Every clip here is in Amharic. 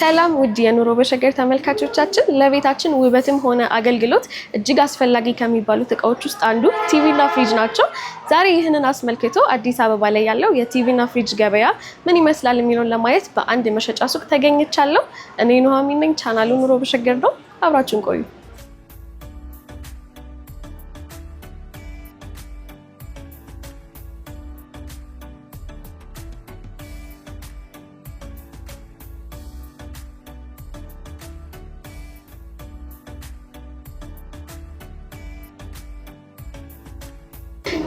ሰላም ውድ የኑሮ በሸገር ተመልካቾቻችን፣ ለቤታችን ውበትም ሆነ አገልግሎት እጅግ አስፈላጊ ከሚባሉት እቃዎች ውስጥ አንዱ ቲቪና ፍሪጅ ናቸው። ዛሬ ይህንን አስመልክቶ አዲስ አበባ ላይ ያለው የቲቪና ፍሪጅ ገበያ ምን ይመስላል የሚለውን ለማየት በአንድ መሸጫ ሱቅ ተገኝቻለሁ። እኔ ኑሃሚን ነኝ። ቻናሉ ኑሮ በሸገር ነው። አብራችን ቆዩ።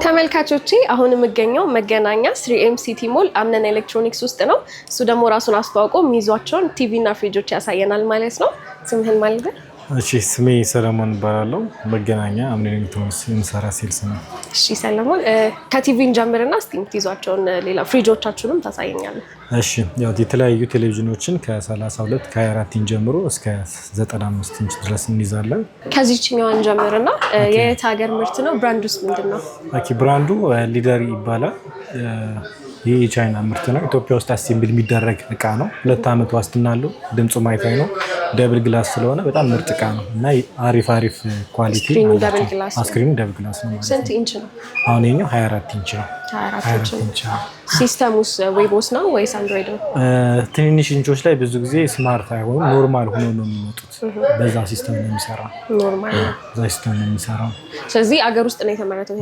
ተመልካቾቼ አሁን የምገኘው መገናኛ ስሪኤም ሲቲ ሞል አምነን ኤሌክትሮኒክስ ውስጥ ነው። እሱ ደግሞ ራሱን አስተዋውቆ የሚይዟቸውን ቲቪ እና ፍሪጆች ያሳየናል ማለት ነው። ስምህን ማለት ነው? እሺ ስሜ ሰለሞን እባላለሁ። መገናኛ አምኔ ኤሌክትሮኒክስ የምሰራ ሴልስ ነው። እሺ ሰለሞን፣ ከቲቪን ጀምርና እስቲ የምትይዟቸውን ሌላ ፍሪጆቻችሁንም ታሳየኛለ። እሺ ያው የተለያዩ ቴሌቪዥኖችን ከ32 ከ24 ኢንች ጀምሮ እስከ 95 ኢንች ድረስ እንይዛለን። ከዚችኛዋን ጀምርና የየት ሀገር ምርት ነው? ብራንዱስ ምንድን ነው? ብራንዱ ሊደር ይባላል። ይህ የቻይና ምርት ነው። ኢትዮጵያ ውስጥ አሴምብል የሚደረግ እቃ ነው። ሁለት ዓመት ዋስትና አለው። ድምፁ ማይታይ ነው። ደብል ግላስ ስለሆነ በጣም ምርጥ እቃ ነው እና አሪፍ አሪፍ ኳሊቲ አስክሪኑ ደብል ግላስ ነው። አሁን የኛው 24 ኢንች ነው። ሲስተሙስ ዌቦስ ነው ወይስ አንድሮይድ ነው? ትንንሽ እንቾች ላይ ብዙ ጊዜ ስማርት አይሆኑም፣ ኖርማል ሆኖ ነው የሚመጡት። በዛ ሲስተም ነው የሚሰራው፣ በዛ ሲስተም ነው የሚሰራው። ስለዚህ አገር ውስጥ ነው የተመረተው።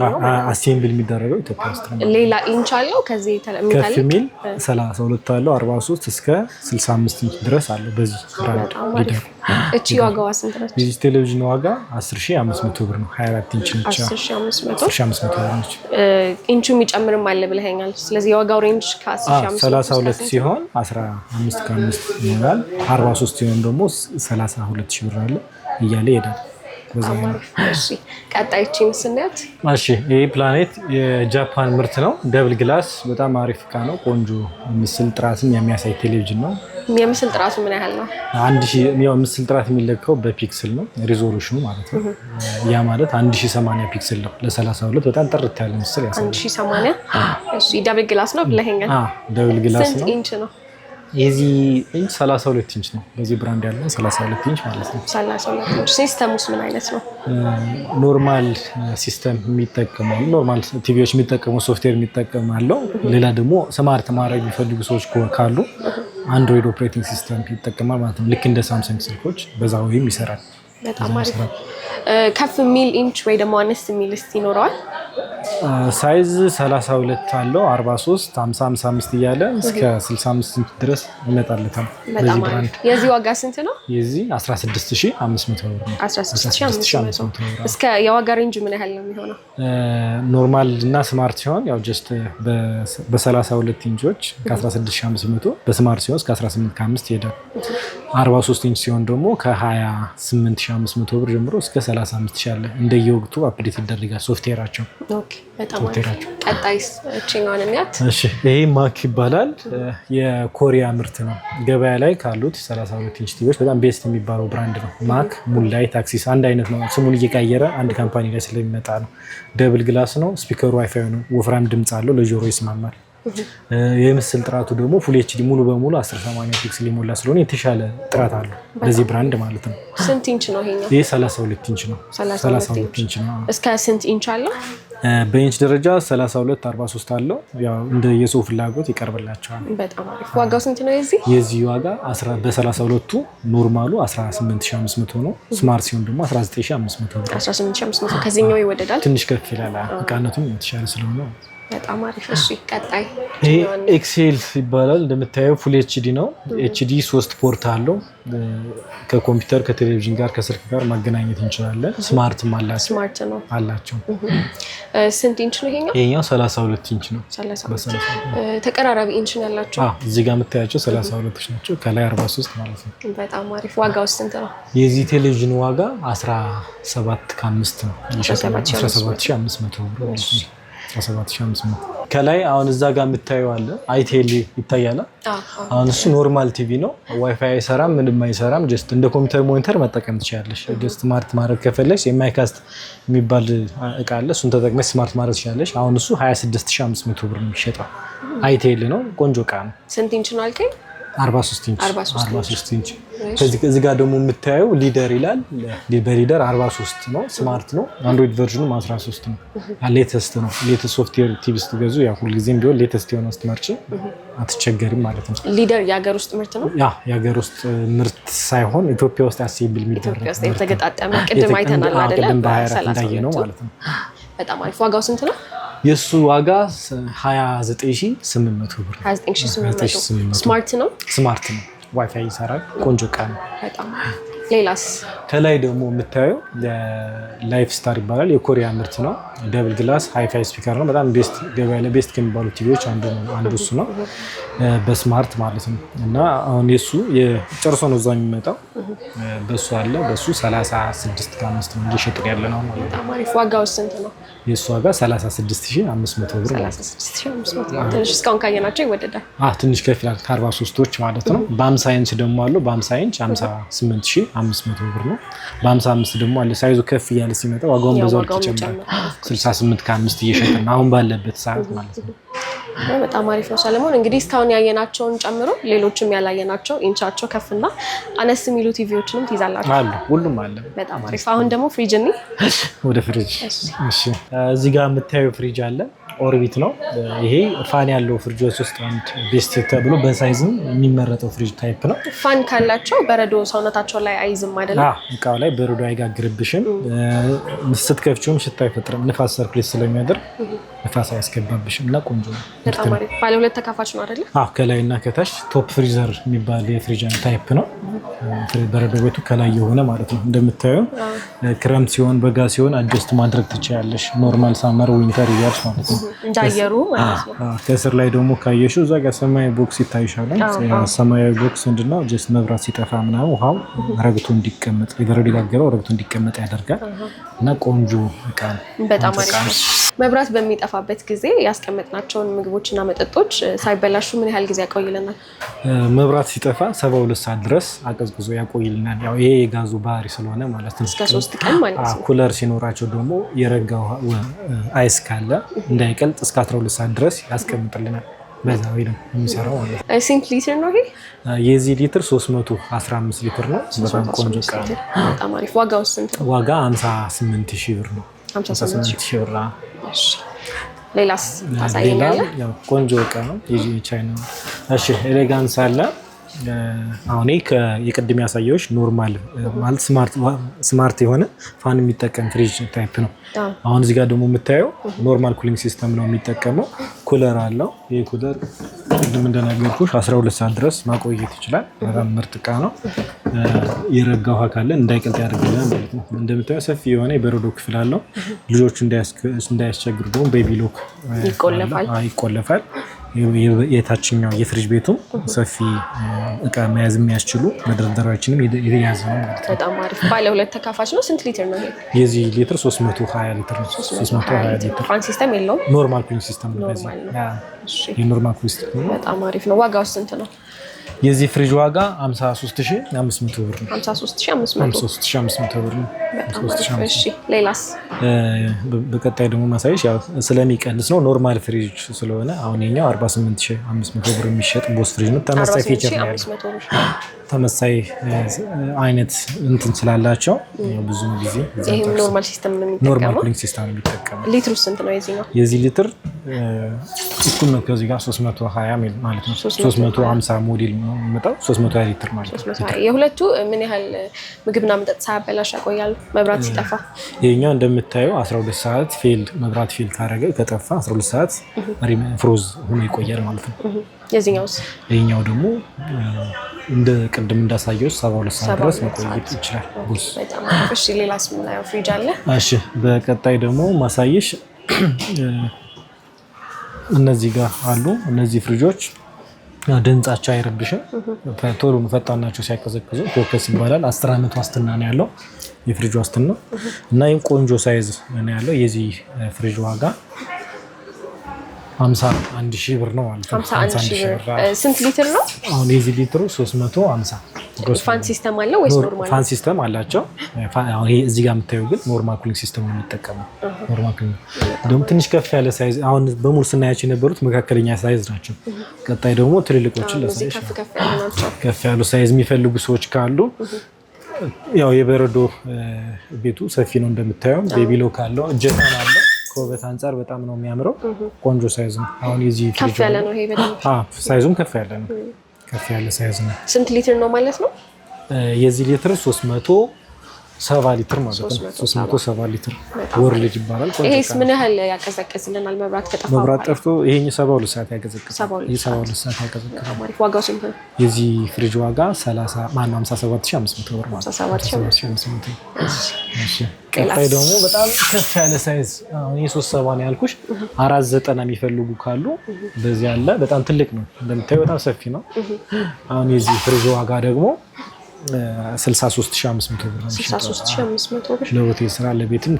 አሴምብል የሚደረገው ኢትዮጵያ ውስጥ ነው። ሌላ ኢንች አለው ከዚህ ከፍ የሚል 32 አለው 43 እስከ 65 ኢንች ድረስ አለው በዚህ እቺ ዋጋዋ ስንት ነች? የዚህ ቴሌቪዥን ዋጋ 10500 ብር ነው። 24 ኢንች ነች። 10500 ብር ነች። ኢንቹ የሚጨምርም አለ ብለኸኛል። ስለዚህ የዋጋው ሬንጅ ከ32 ሲሆን 15 ከ5 ይሆናል። 43 ሲሆን ደግሞ 32 ሺህ ብር አለ እያለ ይሄዳል። ቀጣይችን ስናያት ይህ ፕላኔት የጃፓን ምርት ነው። ደብል ግላስ በጣም አሪፍ እቃ ነው። ቆንጆ ምስል ጥራትን የሚያሳይ ቴሌቪዥን ነው። የምስል ጥራቱ ምን ያህል ነው? አንድ ያው ምስል ጥራት የሚለካው በፒክስል ነው፣ ሪዞሉሽኑ ማለት ነው። ያ ማለት አንድ 1080 ፒክስል ነው ለሰላሳ ሁለት በጣም ጥርት ያለ ምስል ያሳያል። ደብል ግላስ ነው። ደብል ግላስ ነው። ኢንች ነው። የዚህ ኢንች 32 ኢንች ነው። በዚህ ብራንድ ያለው 32 ኢንች ማለት ነው። 32 ኢንች ሲስተም ውስጥ ምን አይነት ነው? ኖርማል ሲስተም የሚጠቀመው ኖርማል ቲቪዎች የሚጠቀሙ ሶፍትዌር የሚጠቀም አለው። ሌላ ደግሞ ስማርት ማድረግ የሚፈልጉ ሰዎች ካሉ አንድሮይድ ኦፕሬቲንግ ሲስተም ይጠቀማል ማለት ነው። ልክ እንደ ሳምሰንግ ስልኮች በዛ ወይም ይሰራል። ከፍ የሚል ኢንች ወይ ደግሞ አነስ የሚል ስ ይኖረዋል ሳይዝ 32 አለው 43 50 55 እያለ እስከ 65 ድረስ ይመጣለታል። በዚህ ብራንድ የዚህ ዋጋ ስንት ነው? የዚህ 16500 ብር ነው። እስከ የዋጋ ሬንጅ ምን ያህል ነው የሚሆነው? ኖርማል እና ስማርት ሲሆን ያው ጀስት በ32 ኢንቾች ከ16500 በስማርት ሲሆን እስከ 185 ይሄዳል። 43 ኢንች ሲሆን ደግሞ ከ28500 ብር ጀምሮ እስከ 35 አለ። እንደየወቅቱ አፕዴት ይደረጋል ሶፍትዌራቸው ይሄ ማክ ይባላል። የኮሪያ ምርት ነው። ገበያ ላይ ካሉት 32 ኢንች ቲቪዎች በጣም ቤስት የሚባለው ብራንድ ነው። ማክ፣ ሙላይ፣ ታክሲስ አንድ አይነት ነው። ስሙን እየቀየረ አንድ ካምፓኒ ላይ ስለሚመጣ ነው። ደብል ግላስ ነው። ስፒከሩ ዋይፋይ ነው። ወፍራም ድምፅ አለው። ለጆሮ ይስማማል። የምስል ጥራቱ ደግሞ ፉል ኤችዲ ሙሉ በሙሉ 18 ፒክስል የሞላ ስለሆነ የተሻለ ጥራት አለው ለዚህ ብራንድ ማለት ነው። ስንት ኢንች ነው ይሄ 32 ኢንች ነው። 32 ኢንች ነው። እስከ ስንት ኢንች አለው? በኢንች ደረጃ 32 43 አለው። ያው እንደ የሰው ፍላጎት ይቀርብላቸዋል። በጣም አሪፍ። ዋጋው ስንት ነው የዚህ? የዚህ ዋጋ በ32ቱ ኖርማሉ 18500 ነው። ስማርት ሲሆን ደግሞ 19500 ነው። ከዚህኛው ይወደዳል። ትንሽ ከፍ ይላል። እቃነቱም የተሻለ ስለሆነ በጣም አሪፍ። እሺ ይቀጣይ። ይሄ ኤክሴል ይባላል። እንደምታየው ፉል ኤችዲ ነው። ኤችዲ ሶስት ፖርት አለው። ከኮምፒውተር ከቴሌቪዥን ጋር ከስልክ ጋር ማገናኘት እንችላለን። ስማርት አላቸው። ስንት ኢንች ነው ይሄኛው? ይሄኛው 32 ኢንች ነው። ተቀራራቢ ኢንች ነው ያላቸው። እዚህ ጋር የምታያቸው 32 ናቸው፣ ከላይ 43 ማለት ነው። በጣም አሪፍ። ዋጋው ስንት ነው? የዚህ ቴሌቪዥን ዋጋ 17 ከ5 ነው፣ 17500 ብር ከላይ አሁን እዛ ጋር የምታየው አለ አይቴል ይታያል። አሁን እሱ ኖርማል ቲቪ ነው። ዋይፋይ አይሰራም፣ ምንም አይሰራም። ጀስት እንደ ኮምፒውተር ሞኒተር መጠቀም ትችላለሽ። ስማርት ማድረግ ከፈለች የማይካስት የሚባል እቃ አለ። እሱን ተጠቅመሽ ስማርት ማድረግ ትችላለሽ። አሁን እሱ 26500 ብር የሚሸጠው አይቴል ነው። ቆንጆ እቃ ነው። ስንት ኢንች ነው አልከኝ? 43 ኢንች። እዚህ ጋር ደግሞ የምታየው ሊደር ይላል። በሊደር 43 ነው፣ ስማርት ነው። አንድሮይድ ቨርዥኑም 13 ነው፣ ሌተስት ነው። ሌተስት ሶፍትዌር ቲቪ ስትገዙ ሁልጊዜም ቢሆን ሌተስት የሆነ ስትመርጭ አትቸገሪም ማለት ነው። ሊደር የሀገር ውስጥ ምርት ነው። ያ የሀገር ውስጥ ምርት ሳይሆን ኢትዮጵያ ውስጥ አሴብል የሚደረግ የተገጣጠመ ቅድም አይተናል አይደለም፣ በ24 እንዳየ ነው ማለት ነው። በጣም አሪፍ። ዋጋው ስንት ነው? የእሱ ዋጋ 29800 ብር። ስማርት ነው። ስማርት ነው። ዋይፋይ ይሰራል። ቆንጆ ቃ ነው በጣም ሌላስ? ከላይ ደግሞ የምታየው ላይፍ ስታር ይባላል። የኮሪያ ምርት ነው። ደብል ግላስ ሃይፋይ ስፒከር ነው። በጣም ቤስት ገበያ ላይ ቤስት ከሚባሉ ቲቪዎች አንዱ እሱ ነው። በስማርት ማለት ነው። እና አሁን የሱ ጨርሶ ነው እዛ የሚመጣው። በሱ አለ በሱ 36 ከአምስት ነው እየሸጥ ያለ ነው ማለት ነው። ዋጋው ስንት ነው? የእሱ ዋጋ 36500 ብር ማለት ነው። ትንሽ እስካሁን ካየናቸው ይወደዳል። ትንሽ ከፍ ይላል ከ43ቶች ማለት ነው። በ50 ኢንች ደግሞ አለው በ50 ኢንች 58000 አምስት መቶ ብር ነው። በአምሳ አምስት ደግሞ አለ ሳይዙ ከፍ እያለ ሲመጣ ዋጋውን በዛው ልክ ይጨምራል። ስልሳ ስምንት ከአምስት እየሸጠ አሁን ባለበት ሰዓት ማለት ነው። በጣም አሪፍ ነው ሰለሞን። እንግዲህ እስካሁን ያየናቸውን ጨምሮ ሌሎችም ያላየናቸው ኢንቻቸው ከፍና አነስ የሚሉ ቲቪዎችንም ትይዛላችሁ አሉ። ሁሉም አለ። በጣም አሪፍ። አሁን ደግሞ ፍሪጅ እኔ ወደ ፍሪጅ እዚህ ጋር የምታየው ፍሪጅ አለ ኦርቢት ነው። ይሄ ፋን ያለው ፍሪጆች ውስጥ አንድ ቤስት ተብሎ በሳይዝም የሚመረጠው ፍሪጅ ታይፕ ነው። ፋን ካላቸው በረዶ ሰውነታቸው ላይ አይዝም አይደለም፣ እቃው ላይ በረዶ አይጋግርብሽም። ስትከፍቺውም ሽታ አይፈጥርም፣ ንፋስ ሰርኩሌት ስለሚያደርግ ነፋስ አያስገባብሽም እና ቆንጆ ነው። ባለ ሁለት ተካፋች ነው አይደለ? አዎ ከላይ እና ከታች ቶፕ ፍሪዘር የሚባል የፍሪጅ ታይፕ ነው። በረዶ ቤቱ ከላይ የሆነ ማለት ነው። እንደምታየው ክረምት ሲሆን በጋ ሲሆን አጀስት ማድረግ ትችያለሽ። ኖርማል ሳመር፣ ዊንተር እያልሽ ማለት ነው። እንዳየሩ ማለት ነው። ከስር ላይ ደግሞ ካየሽው እዛ ጋር ሰማያዊ ቦክስ ይታይሻል። ሰማያዊ ቦክስ ምንድነው? ጀስት መብራት ሲጠፋ ምናምን ውሃው ረግቶ እንዲቀመጥ የበረዶ የጋገረው ረግቶ እንዲቀመጥ ያደርጋል። እና ቆንጆ እቃ ነው። በጣም መብራት በሚጠፋበት ጊዜ ያስቀመጥናቸውን ምግቦችና መጠጦች ሳይበላሹ ምን ያህል ጊዜ ያቆይልናል? መብራት ሲጠፋ ሰባ ሁለት ሰዓት ድረስ አቀዝቅዞ ያቆይልናል። ያው ይሄ የጋዙ ባህሪ ስለሆነ ማለት ነው። እስከ ሶስት ቀን ማለት ነው። ኩለር ሲኖራቸው ደግሞ የረጋ አይስ ካለ እንዳይቀልጥ እስከ 12 ሰዓት ድረስ ያስቀምጥልናል። በዛዊ ነው የሚሰራው ማለት ነው። ስንት ሊትር ነው ይሄ? የዚህ ሊትር 315 ሊትር ነው። በጣም ቆንጆ ዕቃ ነው። በጣም አሪፍ። ዋጋው ስንት ዋጋ 58 ሺህ ብር ነው። 58 ሺህ ብር። ሌላስ ታሳየኛለህ? ቆንጆ ዕቃ ነው። የዚህ ነው። እሺ፣ ኤሌጋንስ አለ። አሁን የቅድም ያሳየዎች ኖርማል ማለት ስማርት የሆነ ፋን የሚጠቀም ፍሪጅ ታይፕ ነው። አሁን እዚህ ጋር ደግሞ የምታየው ኖርማል ኩሊንግ ሲስተም ነው የሚጠቀመው ኩለር አለው። ይህ ኩለር ቅድም እንደነገርኩሽ 12 ሰዓት ድረስ ማቆየት ይችላል። በጣም ምርጥ እቃ ነው። የረጋ ውሃ ካለ እንዳይቀልጥ ያደርግልናል ማለት ነው። እንደምታየው ሰፊ የሆነ የበረዶ ክፍል አለው። ልጆቹ እንዳያስቸግሩ ደግሞ ቤቢ ሎክ ይቆለፋል። የታችኛው የፍሪጅ ቤቱ ሰፊ እቃ መያዝ የሚያስችሉ መደርደሪያዎችንም የያዘ ነው በጣም አሪፍ ባለ ሁለት ተካፋች ነው። ስንት ሊትር ነው? የዚህ ሊትር 320 ሊትር ነው። 320 ሊትር ፋን ሲስተም የለውም። ኖርማል ኩሊንግ ሲስተም ነው። በጣም አሪፍ ነው። ዋጋው ስንት ነው? የዚህ ፍሪጅ ዋጋ 53500 ብር ነው። 53500 ብር ነው። በቀጣይ ደግሞ ማሳየሽ ስለሚቀንስ ነው ኖርማል ፍሪጅ ስለሆነ አሁን የኛው 48500 ብር የሚሸጥ ቦስ ፍሪጅ ነው። ተመሳሳይ ፊቸር ነው ያለው። ተመሳሳይ አይነት እንትን ስላላቸው ብዙ ጊዜ ኖርማል ኩሊንግ ሲስተም የሚጠቀሙ ሊትሩ ስንት ነው የዚህ ነው? የዚህ ሊትር እኩል ነው ከዚህ ጋር 320 ማለት ነው። 350 ሞዴል የሚመጣው 320 ሊትር ማለት ነው። የሁለቱ ምን ያህል ምግብና መጠጥ ሳያበላሽ ያቆያሉ መብራት ሲጠፋ? ይሄኛው እንደምታየው 12 ሰዓት ፌል መብራት ፌል ካረገ ከጠፋ 12 ሰዓት ፍሮዝ ሆኖ ይቆያል ማለት ነው። የዚህኛውስ? ይሄኛው ደግሞ እንደ ቅድም እንዳሳየው 72 ሰዓት ድረስ መቆየት ይችላል። ሌላ ፍሪጅ አለ? እሺ በቀጣይ ደግሞ ማሳየሽ እነዚህ ጋር አሉ። እነዚህ ፍሪጆች ድምጻቸው አይረብሽም። ቶሎ ፈጣን ናቸው ሲያቀዘቅዙ። ፎከስ ይባላል። አስር ዓመት ዋስትና ነው ያለው የፍሪጅ ዋስትና እና ይህም ቆንጆ ሳይዝ ነው ያለው። የዚህ ፍሪጅ ዋጋ ሀምሳ አንድ ሺህ ብር ነው ማለት ነው። ስንት ሊትር ነው? አሁን የዚህ ሊትሩ ሶስት መቶ ሀምሳ ፋን ሲስተም አለው ወይስ ኖርማል ፋን ሲስተም አላቸው? ይሄ እዚህ ጋር የምታየው ግን ኩሊንግ ሲስተም ነው የሚጠቀመው። ኩሊንግ ትንሽ ከፍ ያለ ሳይዝ፣ አሁን በሙሉ ስናያቸው የነበሩት መካከለኛ ሳይዝ ናቸው። ቀጣይ ደግሞ ትልልቆችን ከፍ ያሉ ሳይዝ የሚፈልጉ ሰዎች ካሉ ያው የበረዶ ቤቱ ሰፊ ነው እንደምታየው። ቤቢሎ ካለው እጀታ አለ ከውበት አንጻር በጣም ነው የሚያምረው። ቆንጆ ሳይዝ ነው። አሁን የዚህ ከፍ ያለ ነው። ይሄ ሳይዙም ከፍ ያለ ነው። ከፍ ያለ ሳይዝ ነው። ስንት ሊትር ነው ማለት ነው? የዚህ ሊትር 300 ሰባ ሊትር ማለት ነው። ሶስት መቶ ሰባ ሊትር ወርልድ ይባላል። ይሄስ ምን ያህል ያቀዘቅዝልናል? መብራት ከጠፋ መብራት ጠፍቶ ይሄ ሰባ ሁለት ሰዓት ያቀዘቅዛል። የዚህ ፍሪጅ ዋጋ 30 ማን ሰባት ሺህ ብር ማለት ነው። ቀጣይ ደግሞ በጣም ከፍ ያለ ሳይዝ ይሄ ሰባ ነው ያልኩሽ። አራት ዘጠና የሚፈልጉ ካሉ በዚህ አለ። በጣም ትልቅ ነው እንደምታዩ፣ በጣም ሰፊ ነው። አሁን የዚህ ፍሪጅ ዋጋ ደግሞ 63500 ብር ለሆቴል ስራ ለቤትም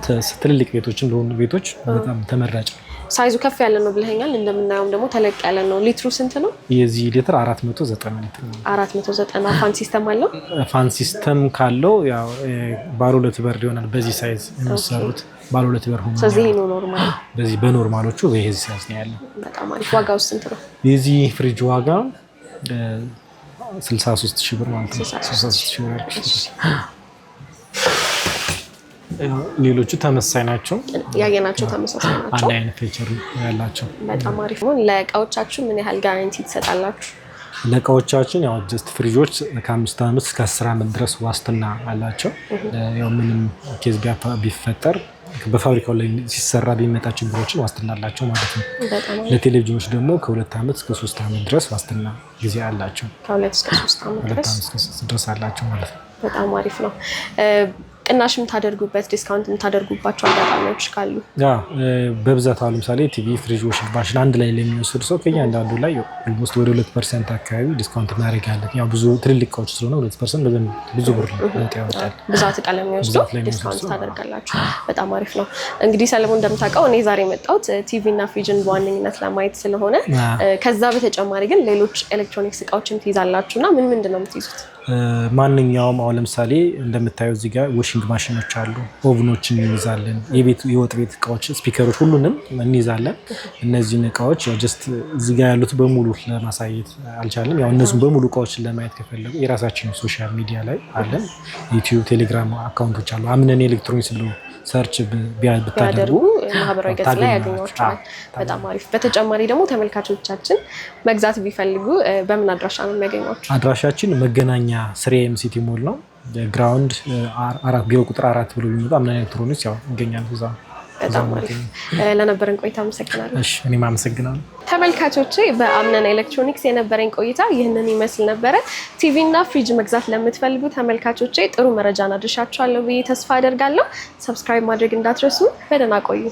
ትልልቅ ቤቶችም ለሆኑ ቤቶች በጣም ተመራጭ ሳይዙ ከፍ ያለ ነው ብለኸኛል። እንደምናየውም ደግሞ ተለቅ ያለ ነው። ሊትሩ ስንት ነው? የዚህ ሊትር 490 ሊትር ነው። 490 ፋን ሲስተም አለው። ፋን ሲስተም ካለው ባለ ሁለት በር ይሆናል። በዚህ ሳይዝ የሚሰሩት ባለ ሁለት በር ሆኖ ስለዚህ ነው ኖርማል። በዚህ በኖርማሎቹ በዚህ ሳይዝ ነው ያለው። በጣም አሪፍ። ዋጋው ስንት ነው? የዚህ ፍሪጅ ዋጋ 63 ሺህ ብር ማለት ነው። ሌሎቹ ተመሳሳይ ናቸው ያየናቸው ተመሳሳይ ናቸው። አንድ አይነት ፊቸር ያላቸው በጣም አሪፍ ነው። ለእቃዎቻችሁ ምን ያህል ጋራንቲ ትሰጣላችሁ? ለእቃዎቻችን ያው ጀስት ፍሪጆች ከአምስት ዓመት እስከ አስር ዓመት ድረስ ዋስትና አላቸው። ያው ምንም ኬዝ ቢፈጠር በፋብሪካው ላይ ሲሰራ በሚመጣ ችግሮችን ዋስትና አላቸው ማለት ነው። ለቴሌቪዥኖች ደግሞ ከሁለት ዓመት እስከ ሶስት ዓመት ድረስ ዋስትና ጊዜ አላቸው። ከሁለት እስከ ሶስት ዓመት ድረስ አላቸው ማለት ነው። በጣም አሪፍ ነው። ቅናሽ የምታደርጉበት ዲስካውንት የምታደርጉባቸው አጋጣሚዎች ካሉ በብዛት አሁን ለምሳሌ ቲቪ፣ ፍሪጅ፣ ዋሽንግ ማሽን አንድ ላይ ለሚወስድ ሰው ከኛ አንዳንዱ ላይ ኦልሞስት ወደ ሁለት ፐርሰንት አካባቢ ዲስካውንት እናደርጋለን። ያው ብዙ ትልልቅ እቃዎች ስለሆነ ሁለት ፐርሰንት በደንብ ብዙ ብር ያወጣል። ብዛት እቃ ለሚወስዱ ዲስካውንት ታደርጋላችሁ። በጣም አሪፍ ነው። እንግዲህ ሰለሞን እንደምታውቀው እኔ ዛሬ የመጣሁት ቲቪ እና ፍሪጅን በዋነኝነት ለማየት ስለሆነ ከዛ በተጨማሪ ግን ሌሎች ኤሌክትሮኒክስ እቃዎችን ትይዛላችሁ እና ምን ምንድን ነው የምትይዙት? ማንኛውም አሁን ለምሳሌ እንደምታየው እዚህ ጋር ዋሽንግ ማሽኖች አሉ፣ ኦቭኖችን እንይዛለን፣ የወጥ ቤት እቃዎች፣ ስፒከሮች፣ ሁሉንም እንይዛለን። እነዚህን እቃዎች ጀስት እዚህ ጋር ያሉት በሙሉ ለማሳየት አልቻለም። ያው እነዚህም በሙሉ እቃዎችን ለማየት ከፈለጉ የራሳችን ሶሻል ሚዲያ ላይ አለን። ዩቲዩብ፣ ቴሌግራም አካውንቶች አሉ። አምነን ኤሌክትሮኒክስ ብሎ ሰርች ብታደርጉ ማህበራዊ ገጽ ላይ ያገኟቸዋል። በጣም አሪፍ። በተጨማሪ ደግሞ ተመልካቾቻችን መግዛት ቢፈልጉ በምን አድራሻ ነው የሚያገኟቸው? አድራሻችን መገናኛ ስሬ ኤምሲቲ ሞል ነው። ግራውንድ ቢሮ ቁጥር አራት ብሎ ቢመጣ ምናምን ኤሌክትሮኒክስ ያው ይገኛል እዛ በጣም አሪፍ ለነበረን ቆይታ አመሰግናለሁ። እኔም አመሰግናለሁ። ተመልካቾቼ በአምነን ኤሌክትሮኒክስ የነበረኝ ቆይታ ይህንን ይመስል ነበረ። ቲቪ እና ፍሪጅ መግዛት ለምትፈልጉ ተመልካቾቼ ጥሩ መረጃ አድርሻችኋለሁ ብዬ ተስፋ አደርጋለሁ። ሰብስክራይብ ማድረግ እንዳትረሱ። በደህና ቆዩ።